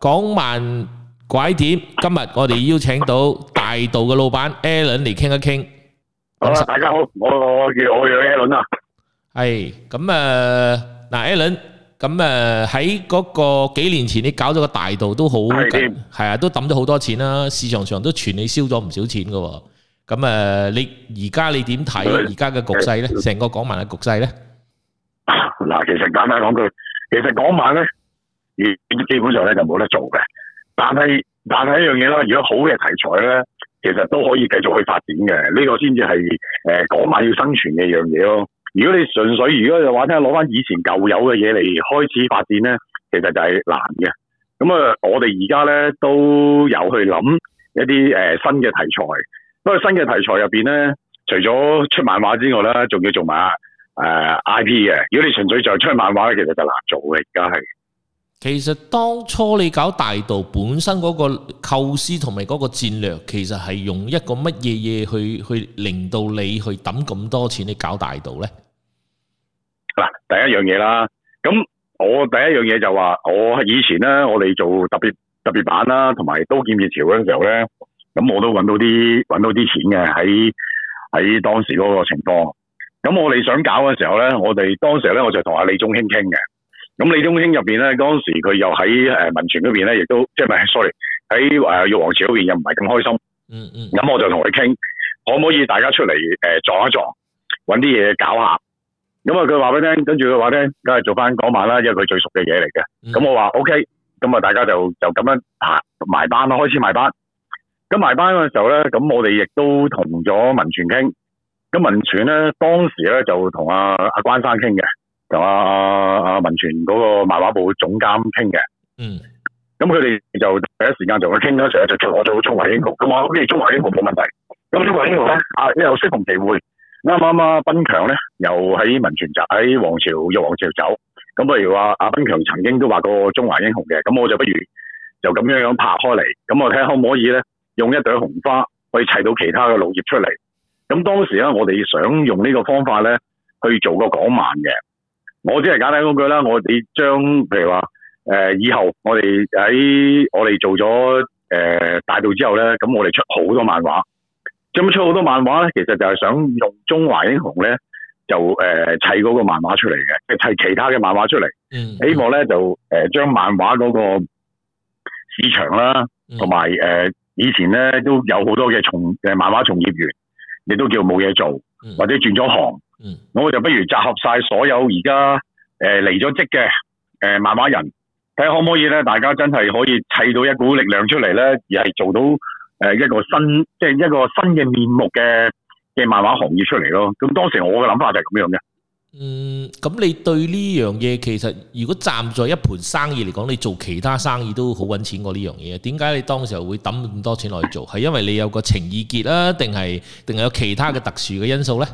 港漫拐點，今日我哋邀請到大渡嘅老闆 Alan 嚟傾一傾。好啦，大家好，我我叫我叫 Alan 啊。係咁啊，嗱 Alan，咁啊喺嗰個幾年前你搞咗個大渡都好勁，係啊，都抌咗好多錢啦，市場上都傳你燒咗唔少錢噶。咁啊，你而家你點睇而家嘅局勢咧？成個港漫嘅局勢咧？嗱，其實簡單講句，其實港漫咧。基本上咧就冇得做嘅，但係但係一樣嘢啦，如果好嘅題材咧，其實都可以繼續去發展嘅，呢個先至係誒講埋要生存嘅一樣嘢咯。如果你純粹如果嘅話咧，攞翻以前舊有嘅嘢嚟開始發展咧，其實就係難嘅。咁啊，我哋而家咧都有去諗一啲誒新嘅題材，不過新嘅題材入邊咧，除咗出漫畫之外咧，仲要做埋誒 I P 嘅。如果你純粹就出漫畫咧，其實就難做嘅，而家係。其實當初你搞大渡本身嗰個構思同埋嗰個戰略，其實係用一個乜嘢嘢去去令到你去抌咁多錢去搞大渡咧？嗱，第一樣嘢啦，咁我第一樣嘢就話、是，我以前咧，我哋做特別特別版啦，同埋刀劍熱潮嗰時候咧，咁我都搵到啲搵到啲錢嘅，喺喺當時嗰個情況。咁我哋想搞嘅時候咧，我哋當時咧，我就同阿李宗興傾嘅。咁李宗興入邊咧，當時佢又喺誒文泉嗰邊咧，亦都即係咪？sorry，喺誒玉皇朝嗰邊又唔係咁開心。嗯嗯。咁我就同佢傾，可唔可以大家出嚟誒撞一撞，搵啲嘢搞下。咁啊，佢話俾你聽，跟住佢話咧，梗係做翻嗰晚啦，因為佢最熟嘅嘢嚟嘅。咁、mm -hmm. 我話 O K，咁啊，OK，大家就就咁樣排埋班啦開始埋班。咁埋班嘅時候咧，咁我哋亦都同咗文泉傾。咁文泉咧，當時咧就同阿阿關生傾嘅。同阿阿文全嗰個漫畫部總監傾嘅，嗯，咁佢哋就第一時間就去傾咗成日，就叫我做中華英雄咁我我哋中華英雄冇問題。咁中華英雄咧，啊又適逢其會，啱啱啊，斌強咧又喺文全集喺王朝又王朝走，咁不如話阿斌強曾經都話過中華英雄嘅，咁我就不如就咁樣樣拍開嚟，咁我睇下可唔可以咧，用一朵紅花去砌到其他嘅綠葉出嚟，咁當時咧我哋想用呢個方法咧去做個港漫嘅。我只係簡單咁講啦，我哋將，譬如話，誒、呃，以後我哋喺我哋做咗誒、呃、大渡之後咧，咁我哋出好多漫畫，做乜出好多漫畫咧？其實就係想用中華英雄咧，就誒砌嗰個漫畫出嚟嘅，即係砌其他嘅漫畫出嚟。Mm -hmm. 希望咧就誒、呃、將漫畫嗰個市場啦，同埋誒以前咧都有好多嘅從誒漫畫從業員，你都叫冇嘢做，或者轉咗行。Mm -hmm. 嗯，我就不如集合晒所有而家誒離咗職嘅誒漫畫人，睇下可唔可以咧？大家真係可以砌到一股力量出嚟咧，而係做到誒一個新即係一個新嘅面目嘅嘅漫畫行業出嚟咯。咁當時我嘅諗法就係咁樣嘅。嗯，咁你對呢樣嘢其實如果站在一盤生意嚟講，你做其他生意都好揾錢過呢樣嘢，點解你當時候會抌咁多錢落去做？係因為你有個情意結啦、啊，定係定係有其他嘅特殊嘅因素咧？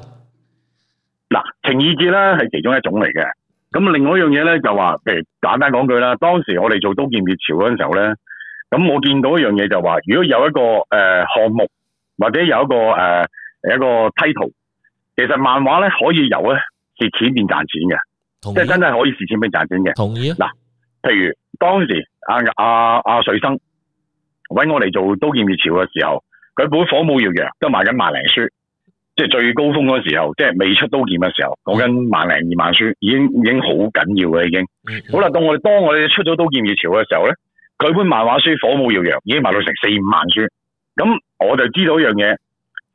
嗱，情意結咧係其中一種嚟嘅。咁另外一樣嘢咧就話，譬如簡單講句啦，當時我哋做刀劍熱潮嗰陣時候咧，咁我見到一樣嘢就話，如果有一個誒項目或者有一個誒一個梯圖，title，其實漫畫咧可以由咧蝕錢變賺錢嘅，即係真係可以蝕錢變賺錢嘅。同意嗱，譬如當時阿阿阿水生揾我嚟做刀劍熱潮嘅時候，佢本火舞耀揚都賣緊萬零書。即係最高峰嗰時候，即係未出刀劍嘅時候，講緊萬零二萬書，已經已經好緊要嘅已經。好啦，到我哋當我哋出咗刀劍熱潮嘅時候咧，佢本漫畫書火舞耀揚，已經賣、mm -hmm. 到成四五萬書。咁我就知道一樣嘢，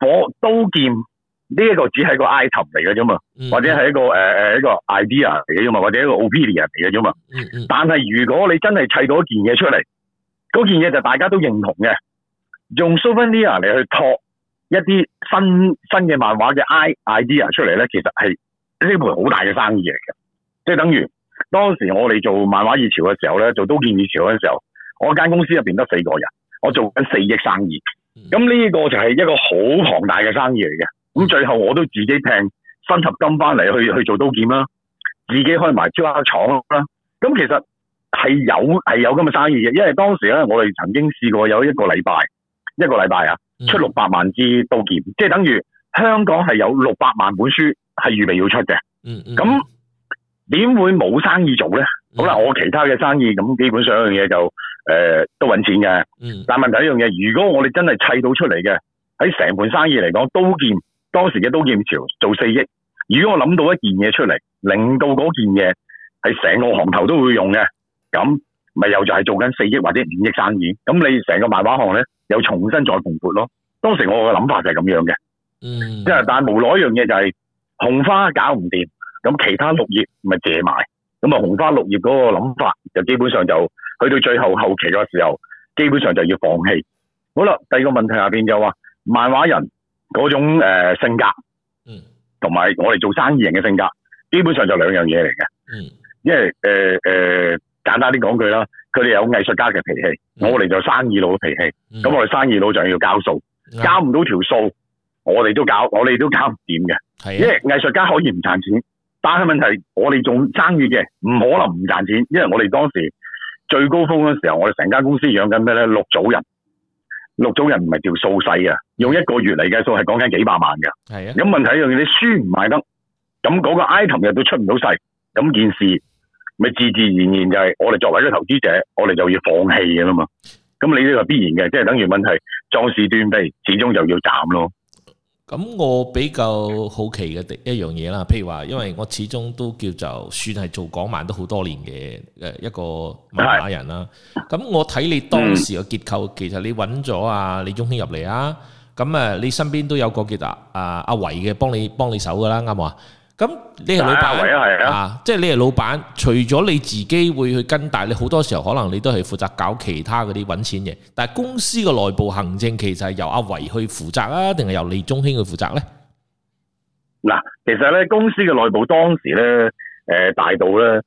火刀劍呢、這個、一個只係、mm -hmm. 一個 item 嚟嘅啫嘛，或者係一個誒誒一個 idea 嚟嘅啫嘛，或者一個 opinion 嚟嘅啫嘛。Mm -hmm. 但係如果你真係砌到一件嘢出嚟，嗰件嘢就大家都認同嘅，用 souvenir 嚟去托。一啲新新嘅漫畫嘅 idea 出嚟咧，其實係呢盤好大嘅生意嚟嘅。即係等於當時我哋做漫畫熱潮嘅時候咧，做刀劍熱潮嘅時候，我間公司入邊得四個人，我做緊四億生意，咁呢個就係一個好龐大嘅生意嚟嘅。咁最後我都自己拼新合金翻嚟去去做刀劍啦，自己開埋膠廠啦。咁其實係有係有咁嘅生意嘅，因為當時咧我哋曾經試過有一個禮拜，一個禮拜啊。出六百萬支刀劍、嗯，即係等於香港係有六百萬本書係預備要出嘅。嗯嗯，咁點會冇生意做咧，嗯？好啦，我其他嘅生意咁，基本上一樣嘢就誒、呃、都揾錢嘅。嗯，但問題一樣嘢，如果我哋真係砌到出嚟嘅，喺成盤生意嚟講，刀劍當時嘅刀劍潮做四億。如果我諗到一件嘢出嚟，令到嗰件嘢係成個行頭都會用嘅，咁咪又就係做緊四億或者五億生意。咁你成個漫畫行咧？又重新再復活咯，當時我嘅諗法就係咁樣嘅，即、嗯、係但係無奈一樣嘢就係、是、紅花搞唔掂，咁其他綠葉咪借埋，咁啊紅花綠葉嗰個諗法就基本上就去到最後後期嗰時候，基本上就要放棄。好啦，第二個問題下邊就話、是、漫畫人嗰種誒、呃、性格，同埋我哋做生意人嘅性格，基本上就兩樣嘢嚟嘅，因為誒誒、呃呃、簡單啲講句啦。佢哋有藝術家嘅脾氣，我哋就生意佬嘅脾氣。咁、mm -hmm. 我哋生意佬就要交數，mm -hmm. 交唔到條數，我哋都搞，我哋都搞唔掂嘅。因為藝術家可以唔賺錢，但係問題我哋做生意嘅唔可能唔賺錢，因為我哋當時最高峰嘅時候，我哋成間公司養緊咩咧？六組人，六組人唔係條數細嘅，用一個月嚟計數係講緊幾百萬嘅。係啊。咁問題一樣嘢，你書唔賣得，咁嗰個 item 又都出唔到世，咁件事。咪自自然然就係我哋作為一個投資者，我哋就要放棄嘅啦嘛。咁你呢個必然嘅，即係等於問題壯士斷臂，始終就要斬咯。咁我比較好奇嘅一一樣嘢啦，譬如話，因為我始終都叫做算係做港漫都好多年嘅，誒一個文化人啦。咁我睇你當時嘅結構、嗯，其實你揾咗啊李宗軒入嚟啊，咁啊，你身邊都有個叫阿阿維嘅，幫你幫你手噶啦，啱嘛？咁你係老闆啊，即係你係老闆，啊啊啊就是是老闆啊，除咗你自己會去跟大，你好多時候可能你都係負責搞其他嗰啲揾錢嘢。但係公司嘅內部行政其實係由阿維去負責啊，定係由李宗興去負責咧？嗱，其實咧公司嘅內部當時咧，大到咧，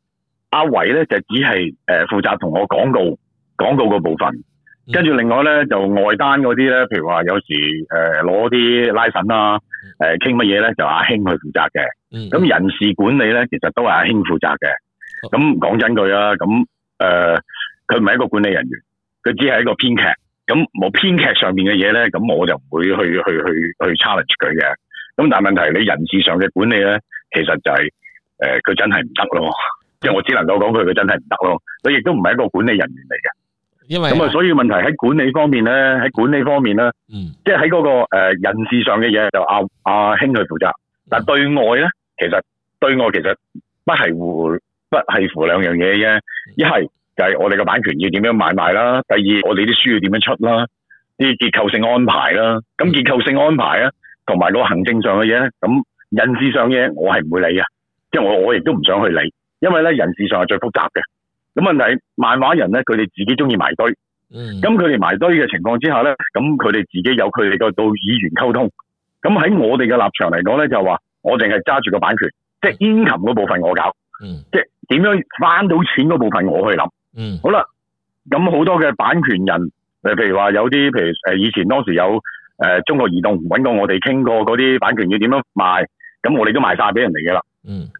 阿維咧就只係負責同我講告廣告嘅部分，跟、嗯、住另外咧就外單嗰啲咧，譬如話有時攞啲 license 啊，誒傾乜嘢咧就阿興去負責嘅。咁人事管理咧，其實都係阿興負責嘅。咁講真句啦，咁誒，佢唔係一個管理人員，佢只係一個編劇。咁冇編劇上面嘅嘢咧，咁我就唔會去去去去 challenge 佢嘅。咁但係問題，你人事上嘅管理咧，其實就係、是、誒、佢、呃、真係唔得咯。即、嗯、係我只能夠講佢佢真係唔得咯。佢亦都唔係一個管理人員嚟嘅。因為咁啊，所以問題喺管理方面咧，喺管理方面咧，即係喺嗰個誒人事上嘅嘢就阿、是、阿興去負責。但對外咧。其實對我其實不係乎不係乎兩樣嘢啫，一係就係我哋嘅版權要點樣買賣啦，第二我哋啲書要點樣出啦，啲結構性安排啦，咁結構性安排啊，同埋個行政上嘅嘢咧，咁人事上嘅嘢，我係唔會理呀，因為我我亦都唔想去理，因為咧人事上係最複雜嘅。咁問題漫畫人咧，佢哋自己中意埋堆，咁佢哋埋堆嘅情況之下咧，咁佢哋自己有佢哋個到語言溝通，咁喺我哋嘅立場嚟講咧，就話。我淨係揸住個版權，即係 income 嗰部分我搞，嗯、即係點樣翻到錢嗰部分我去諗、嗯。好啦，咁好多嘅版權人誒，譬如話有啲，譬如誒，以前當時有誒、呃、中國移動搵過我哋傾過嗰啲版權要點樣賣，咁我哋都賣晒俾人哋嘅啦。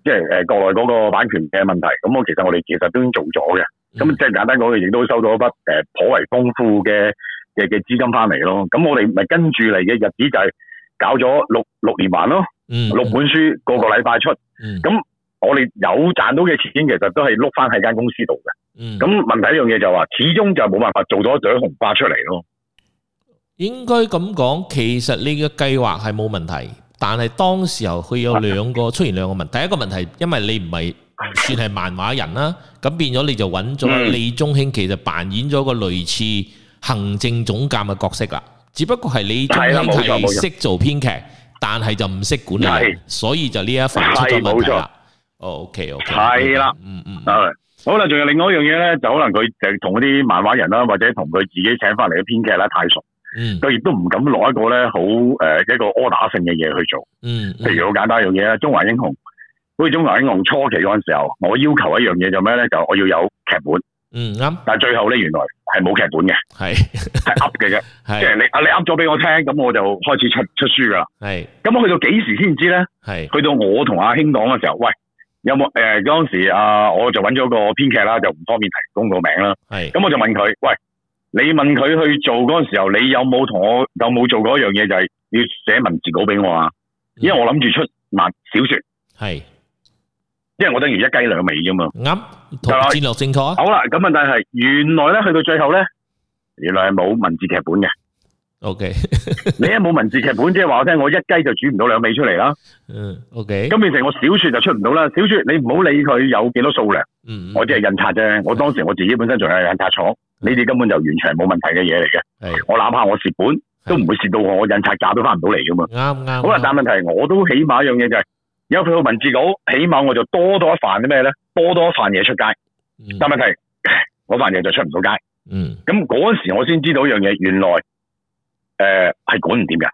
即係誒、呃，國內嗰個版權嘅問題，咁我其實我哋其實都已經做咗嘅。咁即係簡單講，亦都收到一筆誒、呃、頗為豐富嘅嘅嘅資金翻嚟咯。咁我哋咪跟住嚟嘅日子就係搞咗六六年環咯。嗯，嗯，六本書個個禮拜出，咁、嗯、我哋有賺到嘅錢，其實都係碌翻喺間公司度嘅。嗯，咁問題一樣嘢，就話，始終就冇辦法做咗一朵紅花出嚟咯。應該咁講，其實呢個計劃係冇問題，但係當時候佢有兩個、啊、出現兩個問題，題第一個問題，因為你唔係算係漫畫人啦，咁、啊啊、變咗你就揾咗李宗興，其實扮演咗個類似行政總監嘅角色啦，只不過係李宗興係識做編劇。但係就唔識管理，所以就呢一份出咗問題啦。O K O K，係啦，oh, okay, okay, okay, 嗯 okay, 嗯，好啦，仲有另外一樣嘢咧，就可能佢就同嗰啲漫畫人啦，或者同佢自己請翻嚟嘅編劇啦太熟，佢亦都唔敢攞一個咧好誒一個柯打性嘅嘢去做。嗯，譬如好簡單一樣嘢啦，《中華英雄》好似《中華英雄》初期嗰陣時候，我要求一樣嘢就咩咧？就我要有劇本。嗯啱，但係最後咧，原來係冇劇本嘅，係係噏嘅啫，即 係你啊你噏咗俾我聽，咁我就開始出出書噶啦，係，咁我去到幾時先知咧？係，去到我同阿興講嘅時候，喂，有冇誒嗰陣時啊、呃，我就揾咗個編劇啦，就唔方便提供個名啦，係，咁我就問佢，喂，你問佢去做嗰陣時候，你有冇同我有冇做過一樣嘢，就係、是、要寫文字稿俾我啊、嗯？因為我諗住出文小說，係。即係我等於一雞兩味啫嘛，啱，策略正確。好啦，咁問題係原來咧，去到最後咧，原來係冇文字劇本嘅。O、okay. K， 你一冇文字劇本，即係話我聽，我一雞就煮唔到兩味出嚟啦。嗯，O K。咁變成我小說就出唔到啦。小說你唔好理佢有幾多數量，mm -hmm. 我只係印刷啫。我當時我自己本身仲有印刷廠，呢、mm、啲 -hmm. 根本就完全冇問題嘅嘢嚟嘅。係、mm -hmm.，我哪怕我蝕本都唔會蝕到我，mm -hmm. 我印刷價都翻唔到嚟噶嘛。啱啱。好啦，但係問題我都起碼一樣嘢就係、是。有佢個文字稿，起碼我就多多一份啲咩咧，多多一份嘢出街。嗯、但係問題，我份嘢就出唔到街。咁、嗯、嗰時我先知道一樣嘢，原來誒係、呃、管唔掂嘅。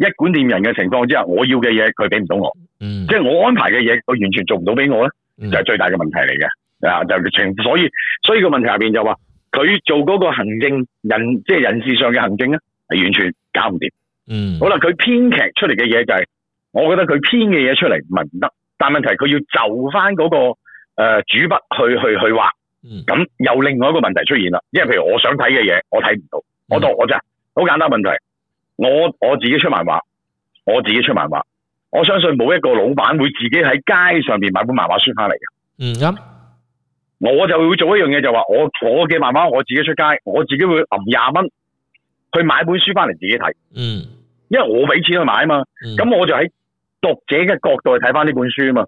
一管掂人嘅情況之下，我要嘅嘢佢俾唔到我，即、嗯、係、就是、我安排嘅嘢，佢完全做唔到俾我咧，就係、是、最大嘅問題嚟嘅。啊、嗯，就情所以所以個問題入邊就話，佢做嗰個行政人，即、就、係、是、人事上嘅行政咧，係完全搞唔掂、嗯。好啦，佢編劇出嚟嘅嘢就係、是。我覺得佢編嘅嘢，出嚟，唔係唔得，但問題係佢要就翻，那、嗰個誒、呃、主筆去去去畫，咁又有另外一個問題出現啦。因為譬如我想睇嘅嘢，我睇唔到，嗯、我都我真係好簡單問題，我我自己出漫畫，我自己出漫畫，我相信冇一個老闆會自己喺街上面買本漫畫書翻嚟嘅。嗯，我就會做一樣嘢，就是，就話我我嘅漫畫我自己出街，我自己會揞廿蚊去買本書翻嚟自己睇。嗯，因為我俾錢去買啊嘛，咁、嗯、我就喺。讀者嘅角度去睇翻呢本書啊嘛，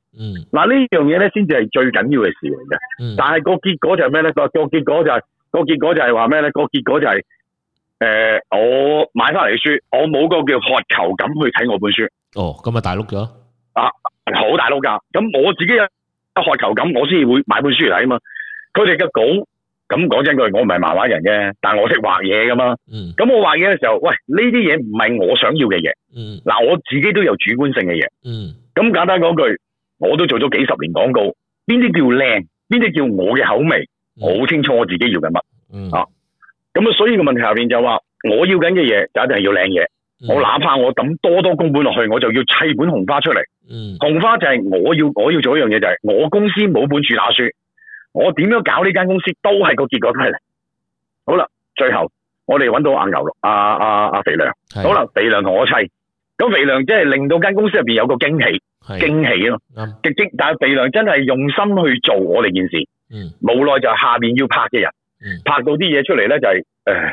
嗱，呢樣嘢咧先至係最緊要嘅事嚟嘅，嗯，但係個結果就係咩咧？個個結果就係、是、個結果就係話咩咧？個結果就係、是、誒、呃，我買翻嚟嘅書，我冇個叫渴求感去睇我本書。哦，咁咪大碌咗啊！好大碌噶，咁我自己有渴求感，我先會買本書嚟睇啊嘛。佢哋嘅稿。咁講真句，我唔係漫畫人啫，但我識畫嘢噶嘛。咁、嗯、我畫嘢嘅時候，喂，呢啲嘢唔係我想要嘅嘢。嗱、嗯，我自己都有主觀性嘅嘢。咁、嗯、簡單講句，我都做咗幾十年廣告，邊啲叫靚，邊啲叫我嘅口味，嗯、我好清楚我自己要緊乜、嗯。啊，咁啊，所以個問題下邊就話、是，我要緊嘅嘢就一定係要靚嘢、嗯。我哪怕我抌多多公本落去，我就要砌本紅花出嚟、嗯。紅花就係我要我要做一樣嘢、就是，就係我公司冇本主打書。我點樣搞呢間公司，都係個結果都係。好啦，最後我哋揾到阿牛咯，阿阿阿肥良，好啦，肥良同我砌，咁肥良即係令到間公司入邊有個驚喜，驚喜咯，極、嗯、極，但係肥良真係用心去做我哋件事。嗯，無奈就係下面要拍嘅人、嗯，拍到啲嘢出嚟咧、就是，就係誒，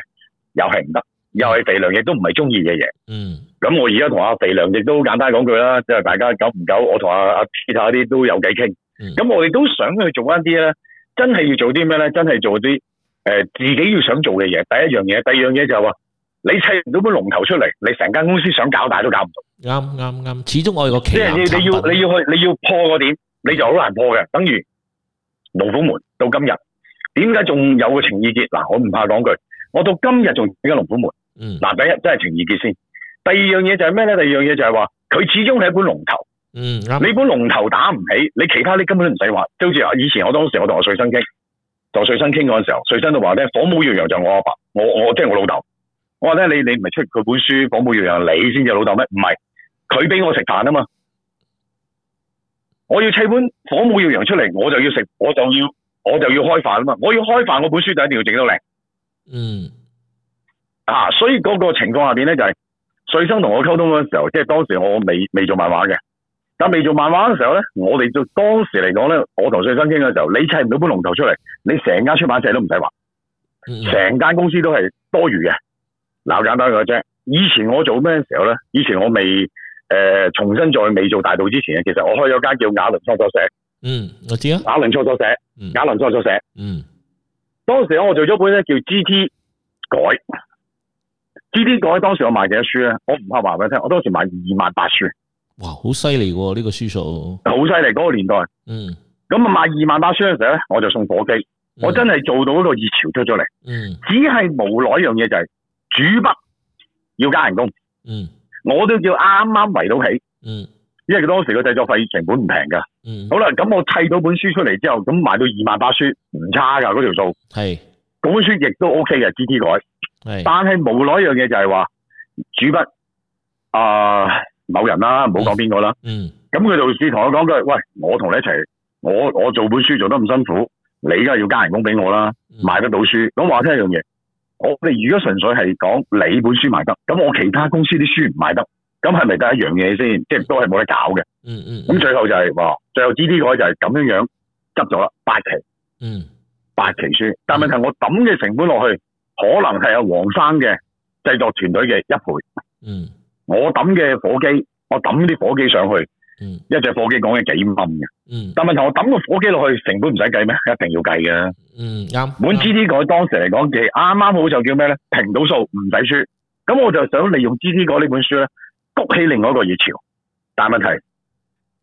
又係唔得，又係肥良亦都唔係中意嘅嘢。嗯，咁我而家同阿肥良亦都簡單講句啦，即、就、係、是、大家久唔久，我同阿阿 Peter 啲都有偈傾。咁、嗯、我哋都想去做翻啲咧。真係要做啲咩咧？真係做啲誒、呃、自己要想做嘅嘢。第一樣嘢，第二樣嘢就話、是、你砌唔到本龍頭出嚟，你成間公司想搞大都搞唔到。啱啱啱，始終我係個的。即係你你要你要去你要破個點，你就好難破嘅、嗯。等於龍虎門到今日，點解仲有個情意結？嗱，我唔怕講句，我到今日仲喺龍虎門。嗯，嗱，第一真係情意結先。第二樣嘢就係咩咧？第二樣嘢就係話佢始終係一本龍頭。嗯、mm -hmm.，你本龍頭打唔起，你其他你根本都唔使話。即好似以前我當時我同我瑞生傾，同瑞生傾嗰陣時候，瑞生就話咧，火舞耀陽就我阿爸，爸，我我即係我老豆。我話咧、就是，你你唔係出佢本書《火舞耀陽》，你先至老豆咩？唔係，佢俾我食飯啊嘛。我要砌本《火舞耀陽》出嚟，我就要食，我就要，我就要開飯啊嘛。我要開飯，我本書就一定要整到靚。」嗯，啊，所以嗰個情況下邊咧就係、是，瑞生同我溝通嗰陣時候，即、就、係、是、當時我未未做漫畫嘅。但未做漫畫嘅時候咧，我哋就當時嚟講咧，我同最憎傾嘅時候，你砌唔到本龍頭出嚟，你成間出版社都唔使話，成間公司都係多餘嘅。嗱，簡,簡單嘅啫。以前我做咩嘅時候咧？以前我未誒、呃、重新再未做大渡之前嘅，其實我開咗間叫雅倫創作社。嗯，我知啊。雅倫創作社、嗯，雅倫創作社。嗯。當時我做咗本咧叫《G T 改》，G T 改當時我賣幾多書咧？我唔怕話俾你聽，我當時賣二萬八書。哇，好犀利喎！呢、這個書數，好犀利嗰個年代。嗯，咁啊賣二萬八書嘅時候咧，我就送火機、嗯。我真係做到一個熱潮出咗嚟。嗯，只係無奈一樣嘢就係主筆要加人工。嗯，我都叫啱啱圍到起。嗯，因為佢當時個製作費成本唔平㗎。嗯，好啦，咁我砌到本書出嚟之後，咁賣到二萬八書唔差噶嗰條數。係，嗰本書亦都 OK 嘅，G T 改。係，但係無奈一樣嘢就係話主筆啊。呃某人啦，唔好講邊個啦。嗯。咁、嗯、佢就試同佢講句，喂，我同你一齊，我我做本書做得咁辛苦，你梗係要加人工俾我啦、嗯。買得到書，咁話聽一樣嘢。我你如果純粹係講你本書賣得，咁我其他公司啲書唔賣得，咁係咪得一樣嘢先？即係都係冇得搞嘅。嗯嗯。咁、嗯、最後就係、是，哇！最後知呢個就係咁樣樣，執咗啦，八期。嗯。八期書，嗯嗯、但係問題我抌嘅成本落去，可能係阿黃生嘅製作團隊嘅一倍。嗯。嗯我抌嘅火機，我抌啲火機上去，嗯、一隻火機講嘅幾蚊嘅、嗯，但問題我抌個火機落去，成本唔使計咩？一定要計嘅。嗯，啱、嗯。本 GT《G T 改》當時嚟講嘅啱啱好就叫咩咧？平到數，唔使輸。咁我就想利用《G T 改》呢本書咧，谷起另外一個熱潮。但問題，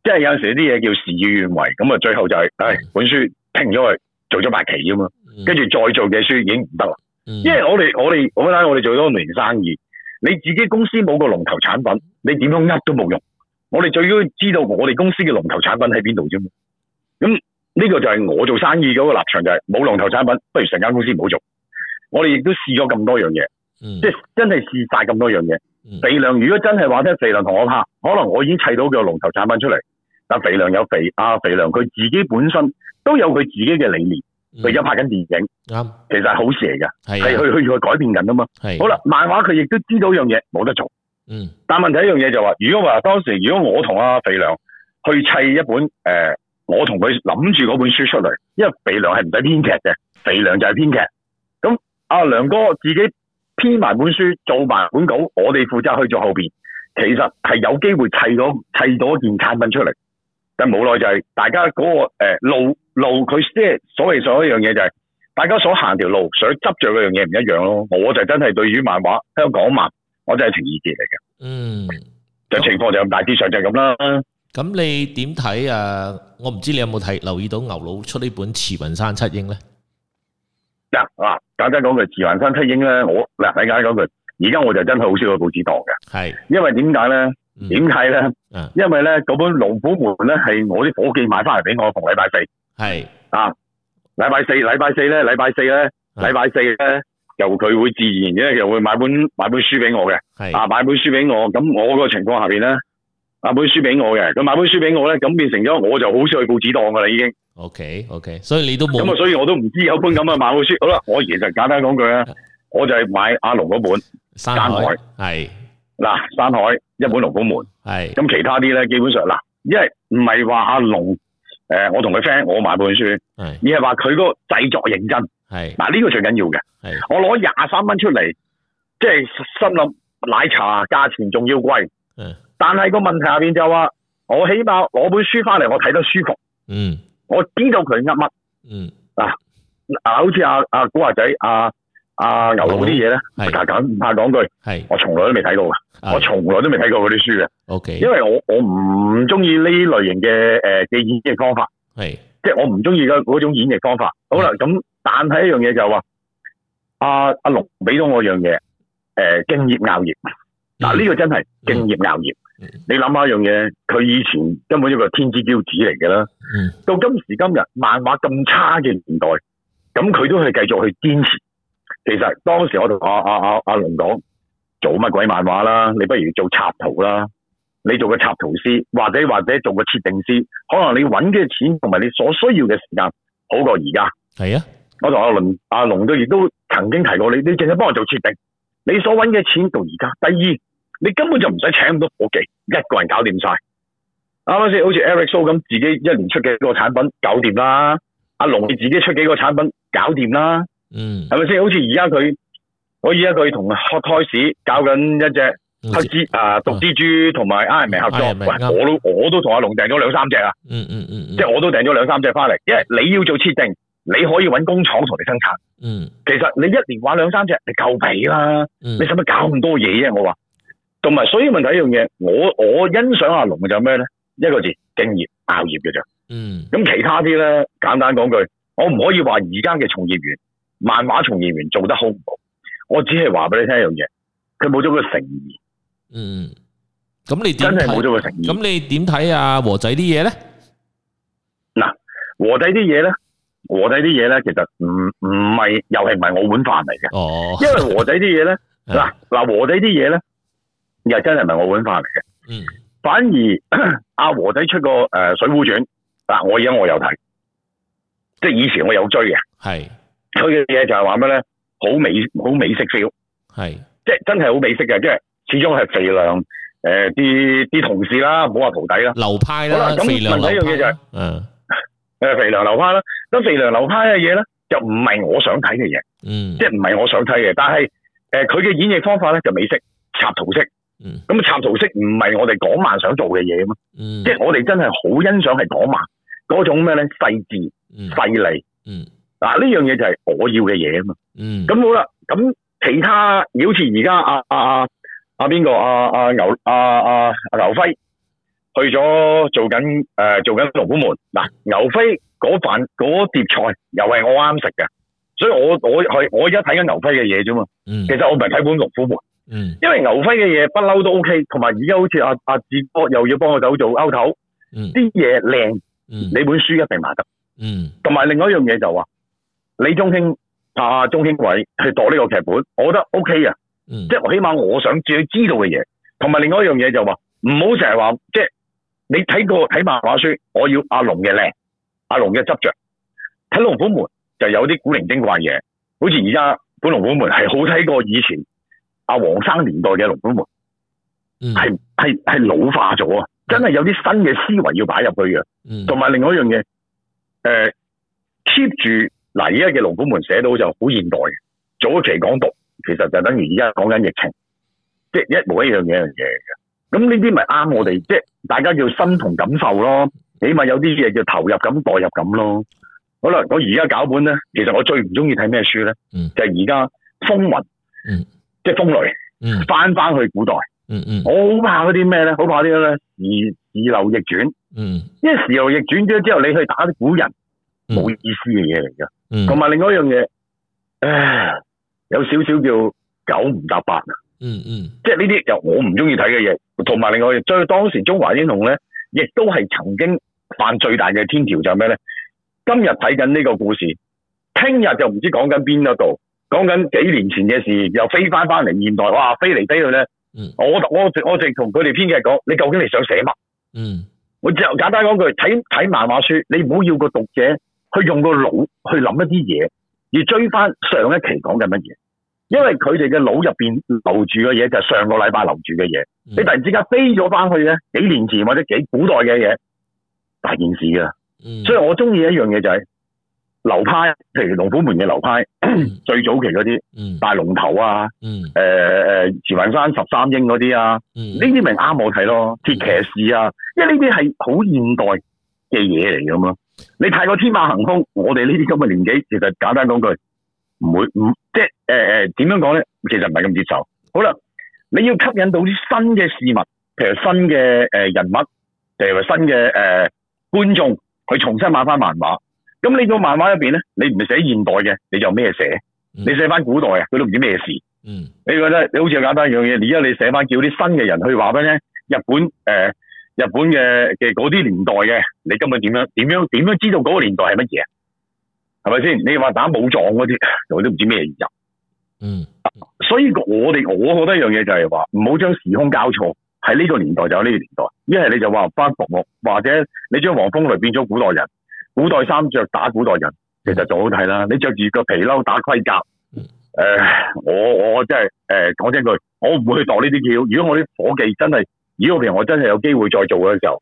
即係有陣時啲嘢叫事與願違。咁啊，最後就係、是，唉、嗯哎，本書平咗去，做咗八期啫嘛。跟住再做嘅書已經唔得啦。因為我哋我哋我覺得，我哋做咗年生意。你自己公司冇個龍頭產品，你點樣噏都冇用。我哋最要知道我哋公司嘅龍頭產品喺邊度啫。咁呢、這個就係我做生意嗰個立場就係，冇龍頭產品，不如成間公司唔好做。我哋亦都試咗咁多樣嘢、嗯，即係真係試晒咁多樣嘢、嗯。肥良如果真係話聽肥良同我拍，可能我已經砌到個龍頭產品出嚟。但肥良有肥啊，肥良佢自己本身都有佢自己嘅理念。佢而家拍緊電影，啱、嗯，其實係好事嚟嘅，係去去去改變緊啊嘛。好啦，漫畫佢亦都知道一樣嘢冇得做，嗯。但問題一樣嘢就話、是，如果話當時如果我同阿肥良去砌一本誒、呃，我同佢諗住嗰本書出嚟，因為肥良係唔使編劇嘅，肥良就係編劇。咁阿梁哥自己編埋本書，做埋本稿，我哋負責去做後面，其實係有機會砌咗砌咗件產品出嚟。但冇耐就係大家嗰個誒路路佢，即係所謂上一樣嘢就係大家所行條路想執着嗰樣嘢唔一樣咯。我就真係對於漫畫香港漫，我真係情意結嚟嘅。嗯，就情況就咁大致上、嗯、就係咁啦。咁你點睇啊？我唔知你有冇睇留意到牛佬出呢本《慈雲山七英》咧？嗱、啊，簡單講句，《慈雲山七英》咧，我嗱理解嗰句。而家我就真係好少去報紙檔嘅，係因為點解咧？點解咧？因為咧嗰本龍虎門咧係我啲伙計買翻嚟俾我逢禮拜四係啊禮拜四禮拜四咧禮拜四咧禮拜四咧由佢會自然嘅，又會買本買本書俾我嘅係啊買本書俾我咁我嗰個情況下邊咧買本書俾我嘅佢買本書俾我咧咁變成咗我就好少去報紙檔噶啦已經。OK OK，所以你都冇咁啊，所以我都唔知有本咁啊買本書、okay. 好啦。我其實簡單講句啦， 我就係買阿龍嗰本山海係。嗱，山海一本《龍虎門》，係咁其他啲咧，基本上嗱，因為唔係話阿龍，誒，我同佢 friend，我買本書，係，而係話佢嗰個製作認真，係，嗱呢個最緊要嘅，係，我攞廿三蚊出嚟，即係心諗奶茶價錢仲要貴，嗯，但係個問題下邊就係話，我起碼攞本書翻嚟，我睇得舒服，嗯，我知道佢呃？乜，嗯，嗱，啊，好似阿阿古惑仔，阿、啊。阿、啊、牛嗰啲嘢咧，家、oh, 唔怕講句，我從來都未睇過嘅，我從來都未睇過嗰啲書嘅。O、okay. K，因為我我唔中意呢類型嘅誒嘅演繹方法，係、okay. 即係我唔中意嘅嗰種演繹方法。好啦，咁但係一樣嘢就係話阿阿龍俾到我樣嘢，誒、呃、敬業熬業，嗱、嗯、呢、啊，這個真係敬業熬業。嗯、你諗下一樣嘢，佢以前根本一個天之驕子嚟嘅啦，到今時今日漫畫咁差嘅年代，咁佢都係繼續去堅持。其實當時我同阿阿阿阿龍講，做乜鬼漫畫啦？你不如做插圖啦。你做個插圖師，或者或者做個設定師，可能你搵嘅錢同埋你所需要嘅時間，好過而家。係啊，我同阿龍阿龍都亦都曾經提過，你你淨係幫我做設定，你所搵嘅錢到而家。第二，你根本就唔使請咁多伙計，一個人搞掂晒，啱啱先？好似 Eric So 咁，自己一年出幾個產品，搞掂啦。阿龍你自己出幾個產品，搞掂啦。嗯，係咪先？好似而家佢，我而家佢同 Hot Toys 開始搞緊一隻黑蜘啊，毒蜘蛛同埋 Iron Man 合作。啊，我都我都同阿龍訂咗兩三隻啊。嗯嗯嗯，即係我都訂咗兩三隻翻嚟。因為你要做設定，你可以搵工廠同你生產。嗯，其實你一年玩兩三隻，你夠皮啦。嗯，你使乜搞咁多嘢啫？我話，同埋所以問題一樣嘢。我我欣賞阿龍嘅就咩咧？一個字敬業、熬夜嘅咋。嗯，咁其他啲咧，簡單講句，我唔可以話而家嘅從業員。漫畫從業員做得好唔好？我只係話俾你聽一樣嘢，佢冇咗個誠意。嗯，咁你點睇？真係冇咗個誠意。咁你點睇阿和仔啲嘢咧？嗱，和仔啲嘢咧，和仔啲嘢咧，其實唔唔係又係唔係我碗飯嚟嘅。哦，因為和仔啲嘢咧，嗱 嗱和仔啲嘢咧，又真係唔係我碗飯嚟嘅。嗯，反而阿和仔出個誒《水滸傳》，嗱我而家我有睇，即係以前我有追嘅，係。佢嘅嘢就係話咩咧？好美，好美式 feel，係即係真係好美式嘅，即係始終係肥良誒，啲、呃、啲同事啦，唔好話徒弟啦，流派啦，肥良流派。咁，第二樣嘢就係誒，肥良流派啦，咁、就是嗯、肥良流派嘅嘢咧，就唔係我想睇嘅嘢，嗯，即係唔係我想睇嘅。但係誒，佢、呃、嘅演繹方法咧就美式插圖式，咁插圖式唔係我哋港漫想做嘅嘢啊嘛，即係我哋真係好欣賞係港漫嗰種咩咧，細致、細膩，嗯。嗱，呢樣嘢就係我要嘅嘢啊嘛，嗯，咁好啦，咁其他好似而家阿阿阿阿邊個阿阿牛阿阿阿牛輝去咗做緊誒做緊龍虎門嗱，牛輝嗰飯嗰碟菜又係我啱食嘅，所以我我係我而家睇緊牛輝嘅嘢啫嘛，嗯，其實我唔係睇本龍虎門，嗯，因為牛輝嘅嘢不嬲都 OK，同埋而家好似阿阿志波又要幫我手做勾頭，嗯，啲嘢靚，嗯，你本書一定買得，嗯，同、嗯、埋另外一樣嘢就話、是。李中興、阿、啊、鍾興偉去度呢個劇本，我覺得 O K 啊，即係起碼我想自己知道嘅嘢，同埋另外一樣嘢就話唔好成日話，即係你睇過睇漫畫書，我要阿龍嘅靚，阿龍嘅執着，睇龍虎門就有啲古靈精怪嘢，好似而家本龍虎門係好睇過以前阿黃生年代嘅龍虎門，係係係老化咗啊！真係有啲新嘅思維要擺入去嘅，同、嗯、埋另外一樣嘢，誒、呃、keep 住。嗱，而家嘅《龍虎門》寫到就好現代嘅，早期講毒，其實就等於而家講緊疫情，即係一模一樣嘢一樣嘢嚟嘅。咁呢啲咪啱我哋，即係大家叫心同感受咯，起碼有啲嘢叫投入感代入感咯。好啦，我而家搞本咧，其實我最唔中意睇咩書咧？嗯，就係而家風雲，嗯，即係風雷，嗯、返翻翻去古代，嗯嗯，我好怕嗰啲咩咧？好怕啲咧，二二流逆轉，嗯，因為時流逆轉咗之後，你去打啲古人，冇、嗯、意思嘅嘢嚟㗎。同埋、嗯、另外一樣嘢，有少少叫九唔搭八啊！嗯嗯，即係呢啲就我唔中意睇嘅嘢。同埋另外一，最當時《中華英雄》咧，亦都係曾經犯最大嘅天條就係咩咧？今日睇緊呢個故事，聽日就唔知講緊邊一度，講緊幾年前嘅事，又飛翻翻嚟現代，哇！飛嚟飛去咧。嗯，我我我直同佢哋編劇講，你究竟你想寫乜？嗯，我就、嗯、簡單講句，睇睇漫畫書，你唔好要，要個讀者。去用個腦去諗一啲嘢，而追翻上一期講緊乜嘢？因為佢哋嘅腦入邊留住嘅嘢就係、上個禮拜留住嘅嘢。你突然之間飛咗翻去咧，幾年前或者幾古代嘅嘢，大件事噶。所以，我中意一樣嘢就係、係、流派，譬如龍虎門嘅流派，最早期嗰啲大龍頭啊，誒、嗯、誒、慈、呃、雲山十三英嗰啲啊，呢啲咪啱我睇咯。鐵騎士啊，因為呢啲係好現代嘅嘢嚟噶嘛。你太過天馬行空，我哋呢啲咁嘅年紀，其實簡單講句，唔會唔即係，誒誒，呃，點樣講咧？其實唔係咁接受。好啦，你要吸引到啲新嘅市民，譬如新嘅誒人物，譬如新嘅誒、呃、觀眾去重新買翻漫畫。咁你個漫畫入邊咧，你唔係寫現代嘅，你就咩寫？你寫翻古代啊，佢都唔知咩事。嗯，你覺得你好似簡單一樣嘢，而家你寫翻叫啲新嘅人去畫翻咧，日本誒。呃日本嘅嘅嗰啲年代嘅，你今日點樣點樣點樣知道嗰個年代係乜嘢？係咪先？你話打武藏嗰啲，我都唔知咩意思。嗯。嗯，所以我哋我覺得一樣嘢就係、是、話，唔好將時空交錯，喺呢個年代就喺呢個年代。一係你就話翻服，模，或者你將黃蜂雷變咗古代人，古代衫着打古代人，其實就好睇啦。你着住個皮褸打盔甲，誒、嗯呃，我我真係誒講真句，我唔會度呢啲橋。如果我啲伙計真係。如果譬如我真係有機會再做嘅時候，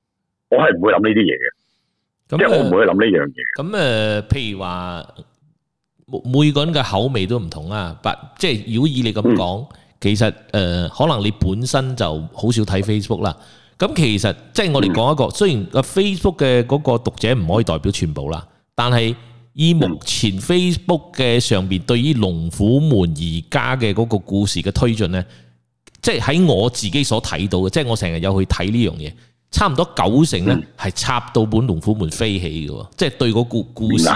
我係唔會諗呢啲嘢嘅，即係、就是、我唔會去諗呢樣嘢。咁誒，譬如話每個人嘅口味都唔同啊，即係如果以你咁講、嗯，其實誒、呃、可能你本身就好少睇 Facebook 啦。咁其實即係、就是、我哋講一個、嗯、雖然 Facebook 嘅嗰個讀者唔可以代表全部啦，但係以目前 Facebook 嘅上面對於龍虎門而家嘅嗰個故事嘅推進呢，即係喺我自己所睇到嘅，即、就、係、是、我成日有去睇呢樣嘢，差唔多九成咧係插到本《龍虎門》飛起嘅，即、嗯、係、就是、對個故故事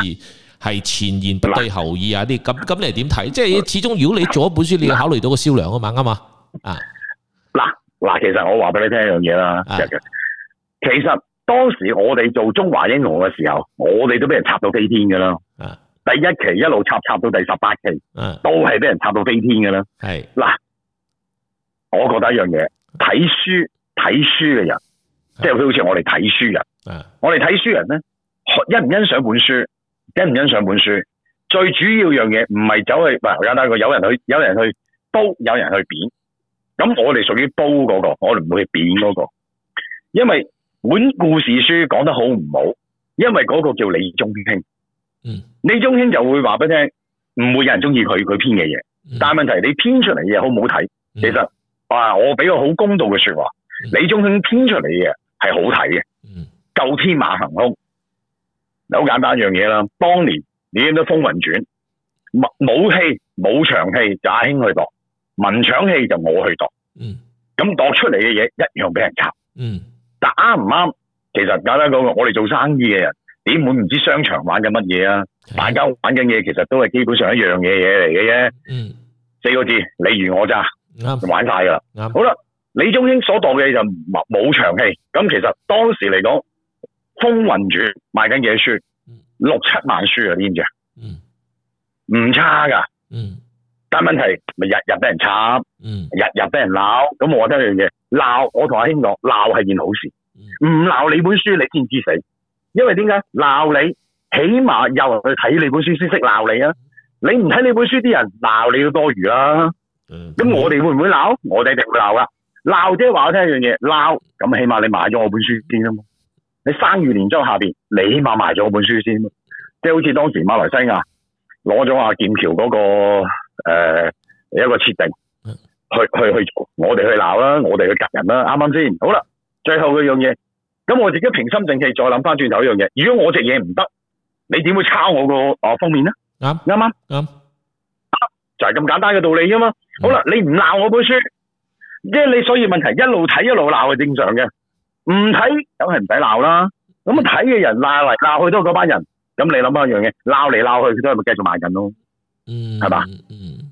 係前言不對後語啊啲咁咁你係點睇？即係始終如果你做一本書，你要考慮到個銷量啊嘛啱嘛啊嗱嗱。其實我話俾你聽一樣嘢啦，其實當時我哋做《中華英雄》嘅時候，我哋都俾人插到飛天噶啦、啊，第一期一路插插到第十八期，啊、都係俾人插到飛天噶啦，係嗱。我覺得一樣嘢，睇書睇書嘅人，即係好似我哋睇書人，我哋睇書人咧，欣唔欣賞本書，欣唔欣賞本書，最主要樣嘢唔係走去，唔好家個有人去，有人去褒，有人去貶，咁我哋屬於褒嗰、那個，我哋唔會去貶嗰、那個，因為本故事書講得好唔好，因為嗰個叫李宗興，嗯，李宗興就會話俾你聽，唔會有人中意佢佢編嘅嘢、嗯，但係問題是你編出嚟嘢好唔好睇、嗯，其實。哇！我俾個好公道嘅說話，嗯、李宗興編出嚟嘅係好睇嘅，夠、嗯、天馬行空。好簡單一樣嘢啦，當年你應都《風雲》轉，武戲武場戲就阿興去度，文場戲就我去度。咁、嗯、度出嚟嘅嘢一樣俾人插。打唔啱，其實簡單講，我哋做生意嘅人點會唔知商場玩緊乜嘢啊？大、嗯、家玩緊嘢，其實都係基本上一樣嘅嘢嚟嘅啫。四個字，你如我咋？就玩晒噶啦，好啦，李宗興所度嘅就冇長氣，咁其實當時嚟講，風雲住，賣緊嘢書、嗯，六七萬書啊，知唔知啊？嗯，唔差噶，嗯，但問題咪日日俾人插，嗯，日日俾人鬧，咁我覺得一樣嘢，鬧我同阿興講，鬧係件好事，唔、嗯、鬧你本書你先知死，因為點解鬧你起碼有人去睇你本書先識鬧你啊，你唔睇你本書啲人鬧你都多餘啦、啊。咁、嗯嗯、我哋會唔會鬧？我哋一定會鬧噶，鬧，即係話我聽一樣嘢，鬧咁起碼你先買咗我本書先嘛。你生月年州下邊，你起碼買咗我本書先，即係好似當時馬來西亞攞咗阿劍橋嗰個誒、呃、一個設定去去去做，我哋去鬧啦，我哋去夾人啦，啱啱先？好啦，最後嗰樣嘢，咁我自己平心靜氣再諗翻轉頭一樣嘢，如果我隻嘢唔得，你點會抄我個誒封面咧？啱啱啱。嗯嗯就係、是、咁簡單嘅道理啫嘛。好啦，你唔鬧我本書，即係你所以問題一路睇一路鬧係正常嘅。唔睇，梗係唔使鬧啦。咁啊睇嘅人鬧嚟鬧去都係嗰班人。咁你諗下一樣嘢，鬧嚟鬧去都係咪繼續賣緊咯？嗯，係嘛？嗯。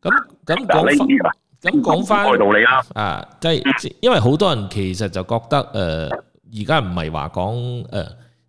咁咁講咁講翻個道理啦。啊，即、就、係、是、因為好多人其實就覺得誒，而家唔係話講誒，即係、呃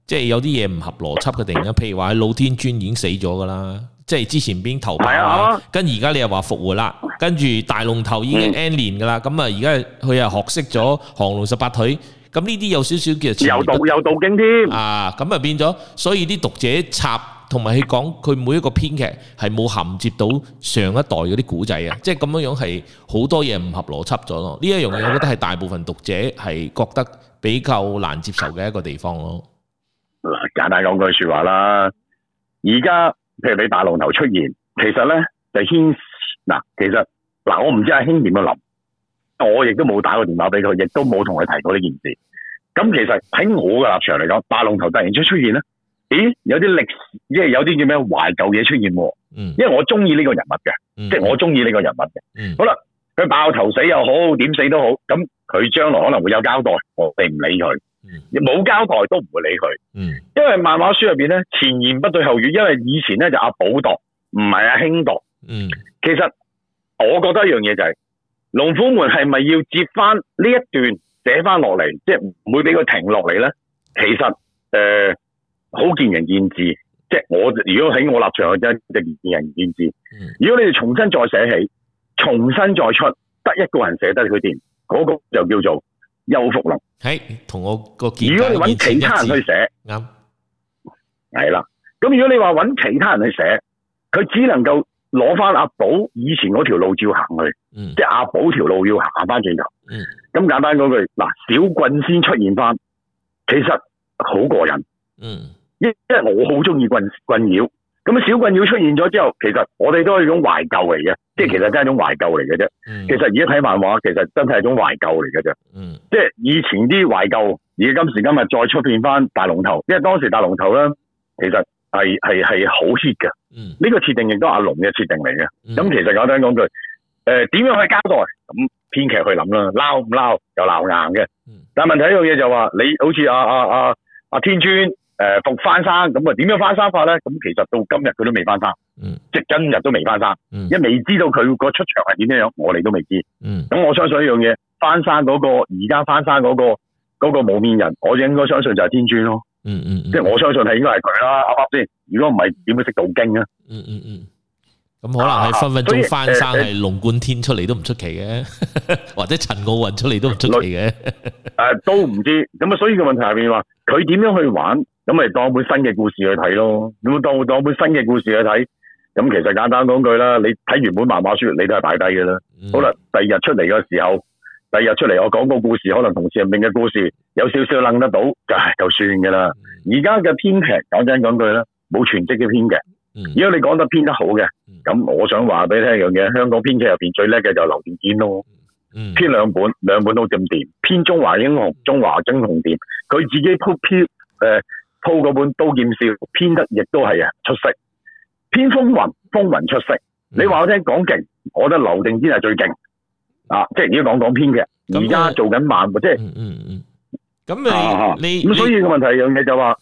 就是、有啲嘢唔合邏輯嘅定啦。譬如話老天尊已經死咗噶啦。即係之前邊投拍啊，跟住而家你又話復活啦，嗯，跟住大龍頭已經 end 年噶啦，咁啊而家佢又學識咗降龍十八腿，咁呢啲有少少叫有道有道境添啊，咁啊變咗，所以啲讀者插同埋佢講，佢每一個編劇係冇銜接到上一代嗰啲古仔啊，即係咁樣樣係好多嘢唔合邏輯咗咯，呢一樣嘢我覺得係大部分讀者係覺得比較難接受嘅一個地方咯。嗱，簡單講句說話啦，而家。譬如你大龍頭出現，其實咧就牽嗱，其實嗱我唔知阿興點樣諗，我亦都冇打過電話俾佢，亦都冇同佢提過呢件事。咁其實喺我嘅立場嚟講，大龍頭突然出出現咧，咦？有啲歷史，即係有啲叫咩懷舊嘢出現，喎，因為我中意呢個人物嘅，即、嗯、係、就是、我中意呢個人物嘅、嗯，好啦，佢爆頭死又好，點死都好，咁佢將來可能會有交代，我哋唔理佢。冇交代都唔會理佢，嗯，因為漫畫書入邊咧前言不對後語，因為以前咧就阿寶度，唔係阿興度，嗯，其實我覺得一樣嘢就係、是、龍虎門係咪要接翻呢一段寫翻落嚟，即係唔會俾佢停落嚟咧？其實誒，好、呃、見仁見智，即係我如果喺我立場，真係見仁見智。嗯，如果你哋重新再寫起，重新再出，得一個人寫得佢掂，嗰、那個就叫做。又福落，係、hey, 同我個建議。如果你揾其他人去寫，啱係啦。咁如果你話揾其他人去寫，佢只能夠攞翻阿寶以前嗰條路照行去，即、嗯、係、就是、阿寶條路要行翻轉頭。咁、嗯、簡單嗰句，嗱小棍先出現翻，其實好過癮。嗯，因因為我好中意棍棍妖。咁小棍妖出現咗之後，其實我哋都係一種懷舊嚟嘅、嗯，即係其實都係一種懷舊嚟嘅啫。其實而家睇漫畫，其實真係一種懷舊嚟嘅啫。即係以前啲懷舊，而今時今日再出現翻大龍頭，因為當時大龍頭咧，其實係係係好 hit 嘅。呢、嗯呢個設定亦都阿龍嘅設定嚟嘅。咁、嗯嗯、其實我聽講句，誒、呃、點樣去交代？咁編劇去諗啦，鬧唔鬧又鬧硬嘅、嗯。但問題一樣嘢就話，你好似阿阿阿阿天尊。誒，復翻生咁啊？點樣翻生法咧？咁其實到今日佢都未翻生，嗯、即係今日都未翻生，嗯、因為未知道佢個出場係點樣樣，我哋都未知。咁、嗯、我相信一樣嘢，翻生嗰、那個而家翻生嗰、那個嗰、那個冇面人，我應該相信就係天尊咯。嗯嗯，即係我相信係應該係佢啦。啱啱先？如果唔係，點會識道經啊？嗯嗯嗯、咁、嗯嗯嗯、可能係分分鐘翻生，係龍冠天出嚟都唔出奇嘅，或者陳奧運出嚟都唔出奇嘅。誒，都唔知。咁啊，所以個、呃呃、問題係咪話佢點樣去玩？咁咪當本新嘅故事去睇咯，咁當當本新嘅故事去睇。咁其實簡單講句啦，你睇完本漫畫書，你都係擺低嘅啦。好啦，第二日出嚟嘅時候，第二日出嚟我講個故事，可能同事入面嘅故事有少少楞得到，唉，就算噶啦。而家嘅編劇，講真講句啦，冇全職嘅編劇，如果你講得編得好嘅，咁我想話俾你聽一樣嘢，香港編劇入邊最叻嘅就係劉定堅咯，編兩本，兩本都咁掂，編《中華英雄》《中華英雄殿》，佢自己鋪編誒。鋪嗰本刀劍笑編得亦都係啊，出色編風雲風雲出色。你話我聽講勁，我覺得劉定堅係最勁啊！即係如果講講編劇，而家做緊漫，即係咁你咁所以個問題樣嘢就話，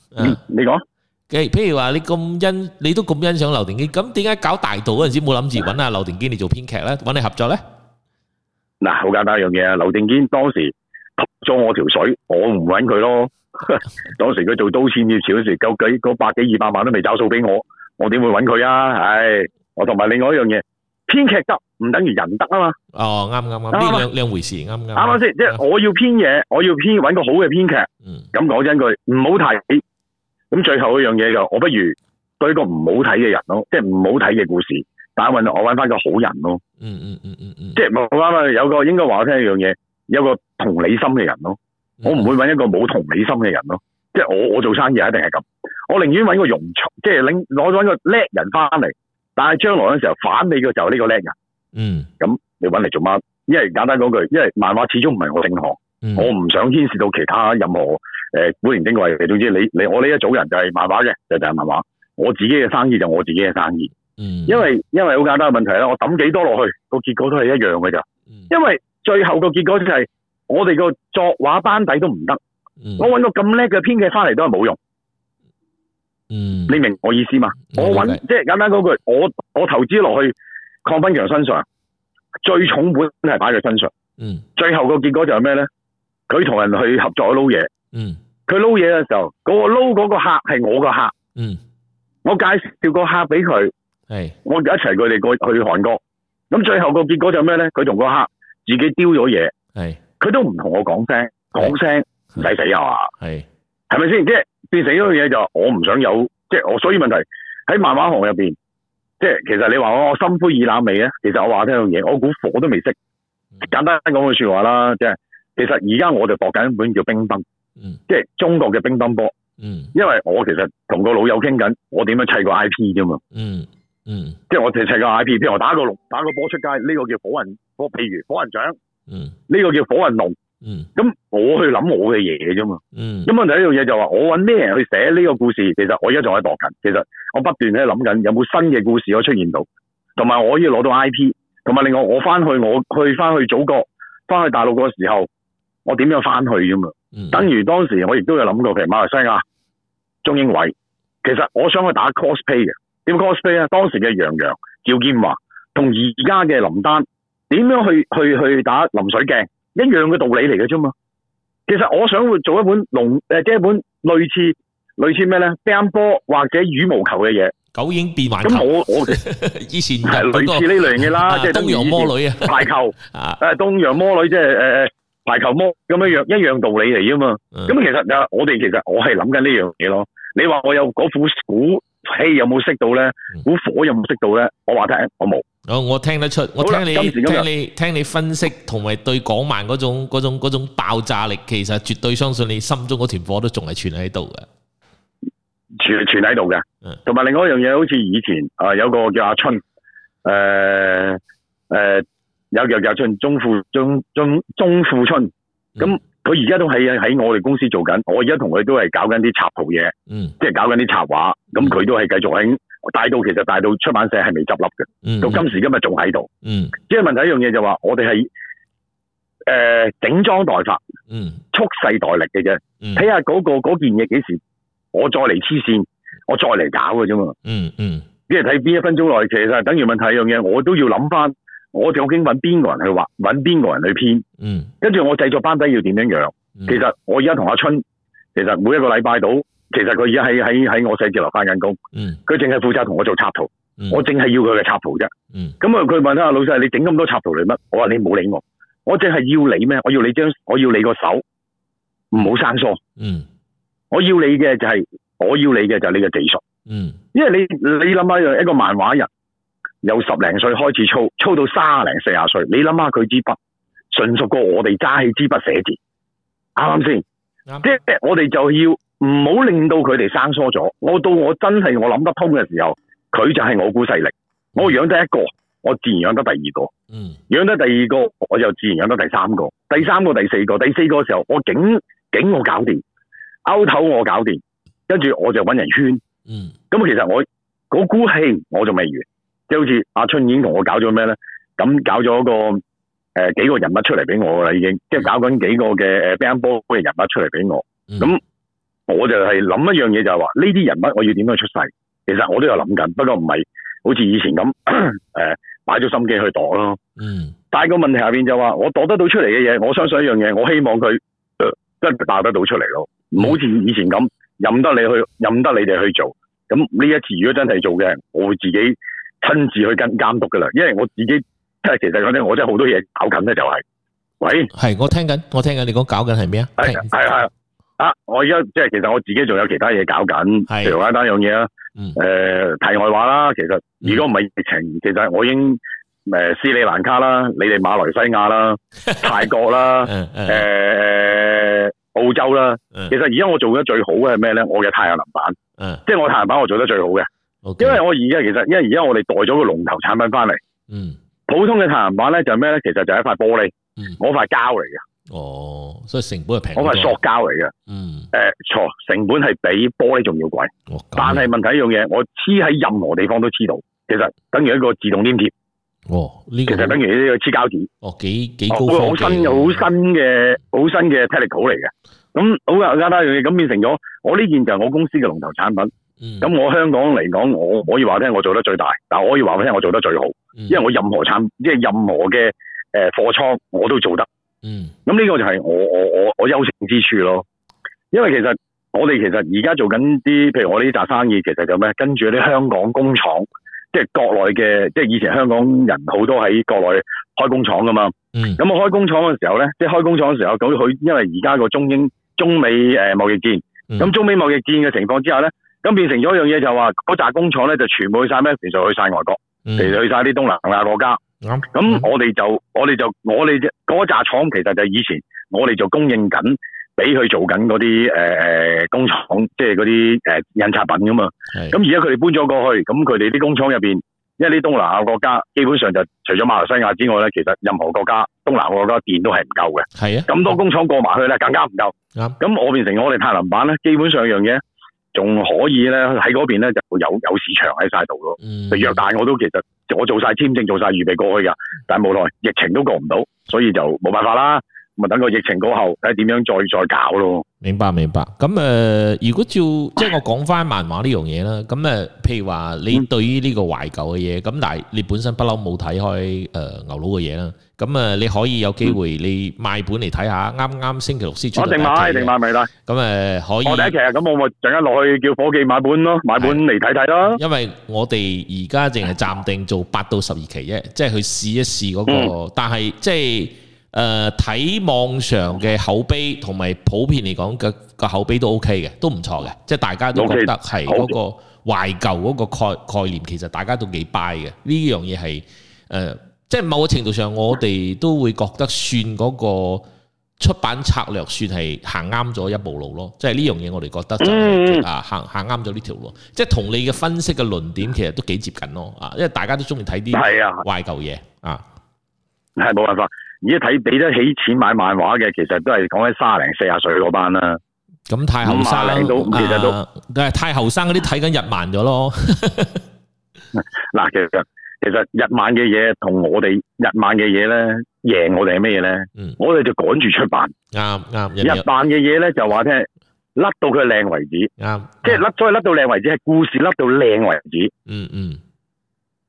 你講，譬如話你咁欣，你都咁欣賞劉定堅，咁點解搞大渡嗰陣時冇諗住揾阿劉定堅嚟做編劇咧，揾你合作咧？嗱，好簡單一樣嘢啊，劉定堅當時撲咗我條水，我唔揾佢咯。 當時佢做刀千，要少嗰時，究竟百幾二百萬都未找數俾我，我點會揾佢啊？唉、哎，我同埋另外一樣嘢，編劇得唔等於人得啊？嘛哦，啱啱啱，呢兩兩回事，啱啱啱啱先。即、嗯、係、嗯就是、我要編嘢，我要編揾個好嘅編劇。咁講真句，唔好睇。咁最後一樣嘢就，我不如對一個唔好睇嘅人咯，即係唔好睇嘅故事，但係我我揾翻個好人咯。嗯嗯嗯嗯，即係我啱有個應該話我聽一樣嘢，有個同理心嘅人咯。Mm -hmm. 我唔會揾一個冇同理心嘅人咯，即係我我做生意一定係咁，我寧願揾個庸才，即係拎我想揾個叻人翻嚟，但係將來嘅時候反你嘅就係呢個叻人，嗯，咁你揾嚟做乜？因為簡單講句，因為漫畫始終唔係我正行，mm -hmm. 我唔想牽涉到其他任何誒，古靈精怪，總之你你我呢一組人就係漫畫嘅，就就是、係漫畫，我自己嘅生意就是我自己嘅生意，嗯、mm -hmm.，因為因為好簡單嘅問題咧，我抌幾多落去，個結果都係一樣嘅咋。Mm -hmm. 因為最後個結果就係、是。我哋個作畫班底都唔得、嗯，我搵個咁叻嘅編劇翻嚟都係冇用。嗯，你明我意思嘛、嗯？我搵、嗯、即係簡單嗰句，我我投資落去鄺彬強身上、嗯，最重本係擺佢身上。嗯，最後個結果就係咩咧？佢同人去合作去撈嘢。嗯，佢撈嘢嘅時候，嗰、嗰個撈嗰個客係我個客。嗯，我介紹個客俾佢。係，我一齊佢哋過去韓國。咁最後個結果就係咩咧？佢同個客自己丟咗嘢。係。佢都唔同我講聲，講聲唔使死啊嘛，係係咪先？即係變成一樣嘢就我唔想有，即係我所以問題喺漫畫行入邊，即係其實你話我我心灰意冷未咧？其實我話你聽樣嘢，我估火都未熄、嗯。簡單講句說話啦，即係其實而家我就讀緊一本叫冰崩、嗯，即係中國嘅冰崩波。嗯，因為我其實同個老友傾緊，我點樣砌個 I P 啫嘛。嗯嗯，即係我哋砌個 I P，譬如我打個龍，打個波出街，呢、這個叫火雲波，譬如火雲掌。呢、嗯呢個叫火雲龍，嗯，咁、嗯、我去諗我嘅嘢啫嘛，嗯，咁問題一樣嘢就係話我搵咩人去寫呢個故事，其實我而家仲喺度度緊，其實我不斷喺度諗緊有冇新嘅故事可以出現到，同埋我要攞到 I P，同埋另外我翻去我去翻去祖國，翻去大陸嗰個時候，我點樣翻去啫嘛、嗯，等於當時我亦都有諗過，譬如馬來西亞鍾英偉，其實我想去打 cosplay 嘅，點 cosplay 啊？當時嘅楊洋，洋、趙建華同而家嘅林丹。點樣去去去打淋水鏡？一樣嘅道理嚟嘅啫嘛。其實我想做一本龍誒，即係一本類似類似咩咧？乒乓波或者羽毛球嘅嘢。狗影變環球咁我我 以前係類似呢類嘢啦，即係東洋魔女啊，排球誒，東洋魔女即係誒排球魔咁樣樣，一樣的道理嚟啊嘛。咁其實啊，我哋其實我係諗緊呢樣嘢咯。你話我有嗰副鼓氣有冇識到咧？鼓、嗯、火有冇識到咧？我話聽，我冇。我我聽得出，我聽你聽你聽你分析同埋對港漫嗰種種種爆炸力，其實絕對相信你心中嗰團火都仲係存喺度嘅，存存喺度嘅。同、嗯、埋另外一樣嘢，好似以前誒有個叫阿春，誒、呃、誒、呃、有有有春鍾富鍾鍾鍾富春，咁佢而家都喺喺我哋公司做緊，我而家同佢都係搞緊啲插圖嘢，嗯，即、就、係、是、搞緊啲插畫，咁、嗯、佢都係繼續喺。大到其實大到出版社係未執笠嘅，到今時今日仲喺度。嗯，即係問題是一樣嘢，就話，我哋係誒整裝待發，嗯，蓄勢待力嘅啫。睇下嗰個嗰件嘢幾時我，我再嚟黐線，我再嚟搞嘅啫嘛。嗯嗯，係睇邊一分鐘內，其實等於問題一樣嘢，我都要諗翻，我究竟搵邊個人去畫，搵邊個人去編。嗯，跟住我製作班底要點樣樣。其實我而家同阿春，其實每一個禮拜到。其實佢而家喺喺喺我寫字樓翻緊工，佢淨係負責同我做插圖，嗯、我淨係要佢嘅插圖啫。咁、嗯、啊，佢問下老細，你整咁多插圖嚟乜？我話你冇理我，我淨係要你咩？我要你張，我要你個手，唔好生疏、嗯。我要你嘅就係、是，我要你嘅就係你嘅技術、嗯。因為你你諗下一個漫畫人，由十零歲開始操，操到三零四廿歲，你諗下佢支筆，純熟過我哋揸起支筆寫字，啱唔啱先？即係、就是、我哋就要。唔好令到佢哋生疏咗。我到我真係我諗得通嘅時候，佢就係我估勢力。我養得一個，我自然養得第二個。嗯，養得第二個，我就自然養得第三個。第三個、第四個、第四個嘅時候，我警，警我搞掂，勾頭我搞掂，跟住我就揾人圈。嗯，咁其實我嗰股氣我仲未完，即係好似阿春已經同我搞咗咩咧？咁搞咗個誒、呃、幾個人物出嚟俾我噶啦，已經即係搞緊幾個嘅誒 band 波嘅人物出嚟俾我。咁、mm. 我就係諗一樣嘢，就係話呢啲人物我要點樣出世？其實我都有諗緊，不過唔係好似以前咁，誒，擺、呃、咗心機去度咯。嗯。但係個問題下邊就話，我度得到出嚟嘅嘢，我相信一樣嘢，我希望佢真係爆得到出嚟咯。唔好似以前咁任得你去，任得你哋去做。咁呢一次如果真係做嘅，我會自己親自去跟監督噶啦，因為我自己即係其實講真，我真係好多嘢搞緊咧，就係、是。喂。係我聽緊，我聽緊你講搞緊係咩啊？係係係。啊、我而家即係其實我自己仲有其他嘢搞緊，譬如話有一樣嘢啦，誒、嗯、題、呃、外話啦，其實如果唔係疫情、嗯，其實我已經誒、呃、斯里蘭卡啦，你哋馬來西亞啦、 泰國啦、誒、嗯嗯呃、澳洲啦，嗯、其實而家我做得最好嘅係咩咧？我嘅太陽能板，即、嗯、係、就係、我嘅太陽能板我做得最好嘅、嗯，因為我而家其實因為而家我哋帶咗個龍頭產品翻嚟，嗯，普通嘅太陽能板咧就咩、係、咧？其實就係一塊玻璃，嗯、我塊膠嚟嘅。哦，所以成本係平。我係塑膠嚟嘅，嗯，誒，錯，成本係比玻璃仲要貴。哦、但係問題一樣嘢，我黐喺任何地方都黐到，其實等於一個自動黏貼。哦，呢、這個其實等於呢個黐膠紙。哦，幾幾高科技、哦、好新嘅，好新嘅，好新嘅 technology 嚟嘅。咁好簡單一樣嘢，咁變成咗我呢件就係我公司嘅龍頭產品。咁、嗯、我香港嚟講，我可以話俾你聽，我做得最大。但係我可以話俾你聽，我做得最好，嗯、因為我任何產，即係任何嘅誒貨倉，我都做得。嗯，咁、嗯、呢、呢個就係我我我我優勝之處咯，因為其實我哋其實而家做緊啲，譬如我呢扎生意，其實就咩，跟住啲香港工廠，即係國內嘅，即係以前香港人好多喺國內開工廠噶嘛。嗯，咁我開工廠嘅時候咧，即係開工廠嘅時候，咁佢因為而家個中英中美誒、呃、貿易戰，咁、嗯、中美貿易戰嘅情況之下咧，咁變成咗一樣嘢就話，嗰扎工廠咧就全部去晒咩？其實去晒外國，其實、嗯、去晒啲東南亞國家。咁、嗯，我哋就我哋就我哋嗰扎廠，廠其實就以前我哋就供應緊，俾佢做緊嗰啲誒誒工廠，即係嗰啲誒印刷品噶嘛。咁而家佢哋搬咗過去，咁佢哋啲工廠入邊，因為啲東南亞國家基本上就除咗馬來西亞之外咧，其實任何國家東南亞國家電都係唔夠嘅。係啊，咁多工廠過埋去咧，更加唔夠。咁、嗯、我變成我哋太陽能板咧，基本上樣嘢仲可以咧，喺嗰邊咧就有有市場喺晒度咯。嗯，弱大我都其實。我做晒簽證，做晒預備過去噶，但係冇奈，疫情都過唔到，所以就冇辦法啦。咪等個疫情過後，睇點樣再再搞咯。明白，明白。咁誒，如果照即係我講翻漫畫呢樣嘢啦，咁誒，譬如話你對於呢個懷舊嘅嘢，咁但係你本身不嬲冇睇開誒牛佬嘅嘢啦。咁啊，你可以有機會你買本嚟睇下，啱、嗯、啱星期六先出嚟我定買定買唔嚟啦？咁誒可以。我第一期啊，咁我咪陣間落去叫伙計買本咯，買本嚟睇睇咯。因為我哋而家淨係暫定做八到十二期啫，即係去試一試嗰個。嗯、但係即係誒睇網上嘅口碑同埋普遍嚟講嘅個口碑都 OK 嘅，都唔錯嘅。即係大家都覺得係嗰個懷舊嗰個概概念，其實大家都幾 buy 嘅。呢樣嘢係誒。呃即係某個程度上，我哋都會覺得算嗰個出版策略算係行啱咗一步路咯。即係呢樣嘢，我哋覺得就啊行行啱咗呢條路。即係同你嘅分析嘅論點，其實都幾接近咯。啊，因為大家都中意睇啲懷舊嘢啊，係、啊、冇辦法。而家睇俾得起錢買漫畫嘅，其實都係講緊三十四十歲啊歲嗰班啦。咁太後生都其實都，但係太後生嗰啲睇緊日漫咗咯、啊。嗱其實。其實日漫嘅嘢同我哋日漫嘅嘢咧，贏我哋係咩嘢咧？嗯，我哋就趕住出版。啱、嗯、啱、嗯嗯、日漫嘅嘢咧，就話聽甩到佢靚為止。啱、嗯，即係甩再甩到靚為止，係故事甩到靚為止。嗯嗯，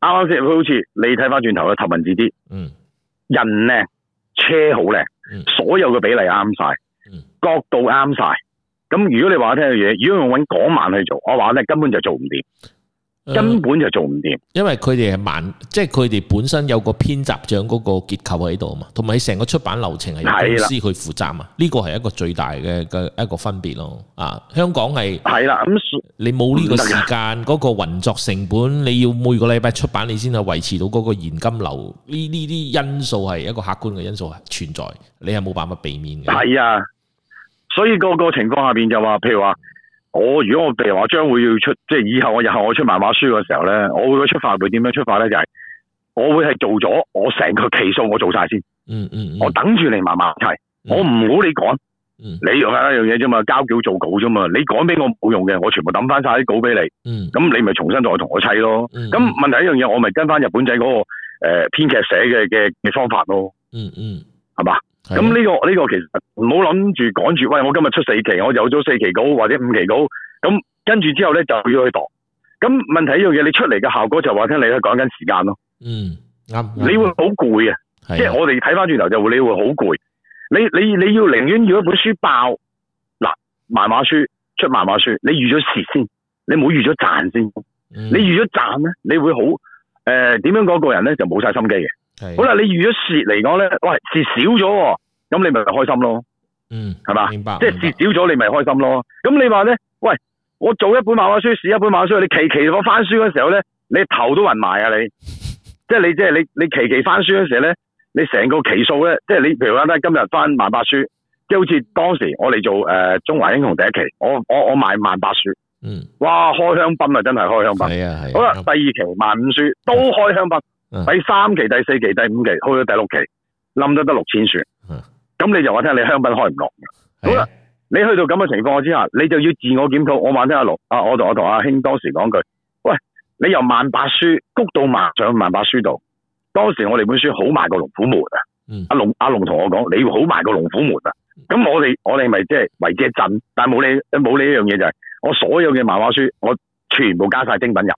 啱啱先？佢好似你睇翻轉頭嘅《頭文字 D》，嗯，人靚，車好靚、嗯，所有嘅比例啱晒、嗯，角度啱晒。咁、嗯、如果你,你話我聽嘅嘢，如果用揾港漫去做，我話咧根本就做唔掂。根本就做唔掂，呃，因為佢哋係慢，即係佢哋本身有個編集長嗰個結構喺度啊嘛，同埋成個出版流程係由公司去負責啊，呢個係一個最大嘅嘅一個分別咯。啊，香港係係啦，咁你冇呢個時間，嗰、嗰個運作成本，你要每個禮拜出版，你先係維持到嗰個現金流，呢呢啲因素係一個客觀嘅因素存在，你係冇辦法避免嘅。係啊，所以個個情況下邊就話，譬如話。我如果我譬如話將會要出，即係以後我日後我出漫畫書嘅時候咧，我會出法會點樣出法咧？就係我會係做咗我成個期數，我做晒先。嗯嗯，我等住你慢慢砌、嗯，我唔好你講。嗯，你用一樣嘢啫嘛，交稿做稿啫嘛，你講俾我冇用嘅，我全部抌翻晒啲稿俾你。嗯，咁你咪重新再同我砌咯。嗯，咁問題一樣嘢，我咪跟翻日本仔嗰個誒編劇寫嘅嘅嘅方法咯。嗯嗯，係嘛。咁呢、這個呢、這個其實唔好諗住趕住，喂！我今日出四期，我有咗四期稿或者五期稿，咁跟住之後咧就要去度。咁問題呢樣嘢，你出嚟嘅效果就話聽你去講緊時間咯。嗯，啱、嗯。你會好攰啊，即係我哋睇翻轉頭就會，你會好攰。你你你要寧願要一本書爆，嗱漫畫書，出漫畫書，你預咗蝕先，你冇預咗賺先。嗯、你預咗賺咧，你會好誒？點、呃、樣講？個人咧就冇晒心機嘅。好啦，你預咗蝕嚟講咧，喂，蝕少咗，咁你咪開心咯，嗯，係嘛，明白？即係蝕少咗，你咪開心咯。咁你話咧，喂，我做一本漫畫書，試一本漫畫書，你期期我翻書嘅時候咧，你頭都暈埋啊你，即係你即係你，你期期翻書嘅時候咧，你成個期數咧，即係你譬如話咧，今日翻萬八書，即係好似當時我哋做誒、呃、中華英雄第一期，我我我買萬八書，嗯，哇開香檳啊，真係開香檳，係啊係。好啦，第二期萬五書都開香檳。第三期、第四期、第五期去到第六期，冧咗得六千書，咁、嗯、你就話聽你，你香檳開唔落、嗯。好啦，你去到咁嘅情況之下，你就要自我檢討。我話聽阿龍啊，我同我同阿兄當時講句：，喂，你由萬八書谷到萬上萬八書度。當時我哋本書好賣過《龍虎門》啊，嗯、阿龍阿龍同我講：，你要好賣過《龍虎門》啊。咁我哋我哋咪即係圍遮陣，但係冇你冇呢一樣嘢就係、是，我所有嘅漫畫書我全部加晒精品入，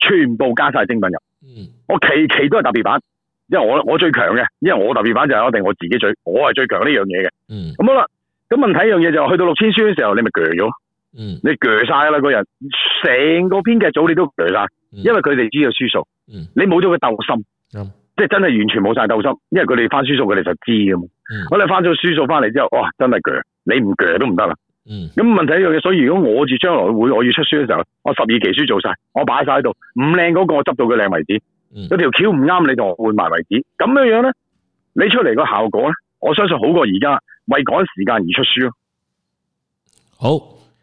全部加晒精品入。嗯，我期期都係特別版，因為我我最強嘅，因為我特別版就一定我自己最，我係最強呢樣嘢嘅。嗯，咁好啦，咁問題一樣嘢就係、是、去到六千書嘅時候，你咪鋸咗，嗯，你鋸晒啦個人，成個編劇組你都鋸晒，因為佢哋知道書數，你冇咗個鬥心，嗯、即係真係完全冇晒鬥心，因為佢哋翻書數佢哋就知㗎嘛，嗯，我哋翻咗書數翻嚟之後，哇，真係鋸，你唔鋸都唔得啦。嗯，咁問題一樣嘢，所以如果我住將來會我要出書嘅時候，我十二期書做晒，我擺晒喺度，唔靚嗰個我執到佢靚為止，嗯、有條橋唔啱你，同我換埋為止，咁樣樣咧，你出嚟個效果咧，我相信好過而家為趕時間而出書咯。好，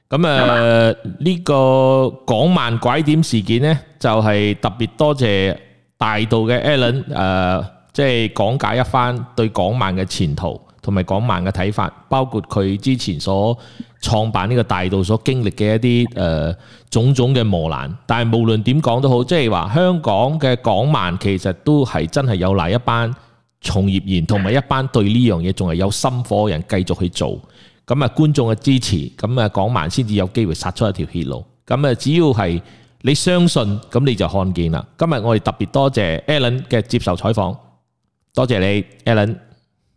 咁誒呢個港漫拐點事件咧，就係、是、特別多謝大渡嘅 Alan 誒、呃，即係講解一番對港漫嘅前途。同埋港漫嘅睇法，包括佢之前所創辦呢個大渡所經歷嘅一啲誒、呃、種種嘅磨難，但係無論點講都好，即係話香港嘅港漫其實都係真係有賴一班從業員同埋一班對呢樣嘢仲係有心火嘅人繼續去做，咁啊觀眾嘅支持，咁啊港漫先至有機會殺出一條血路。咁啊只要係你相信，咁你就看見啦。今日我哋特別多謝 Alan 嘅接受採訪，多謝你，Alan。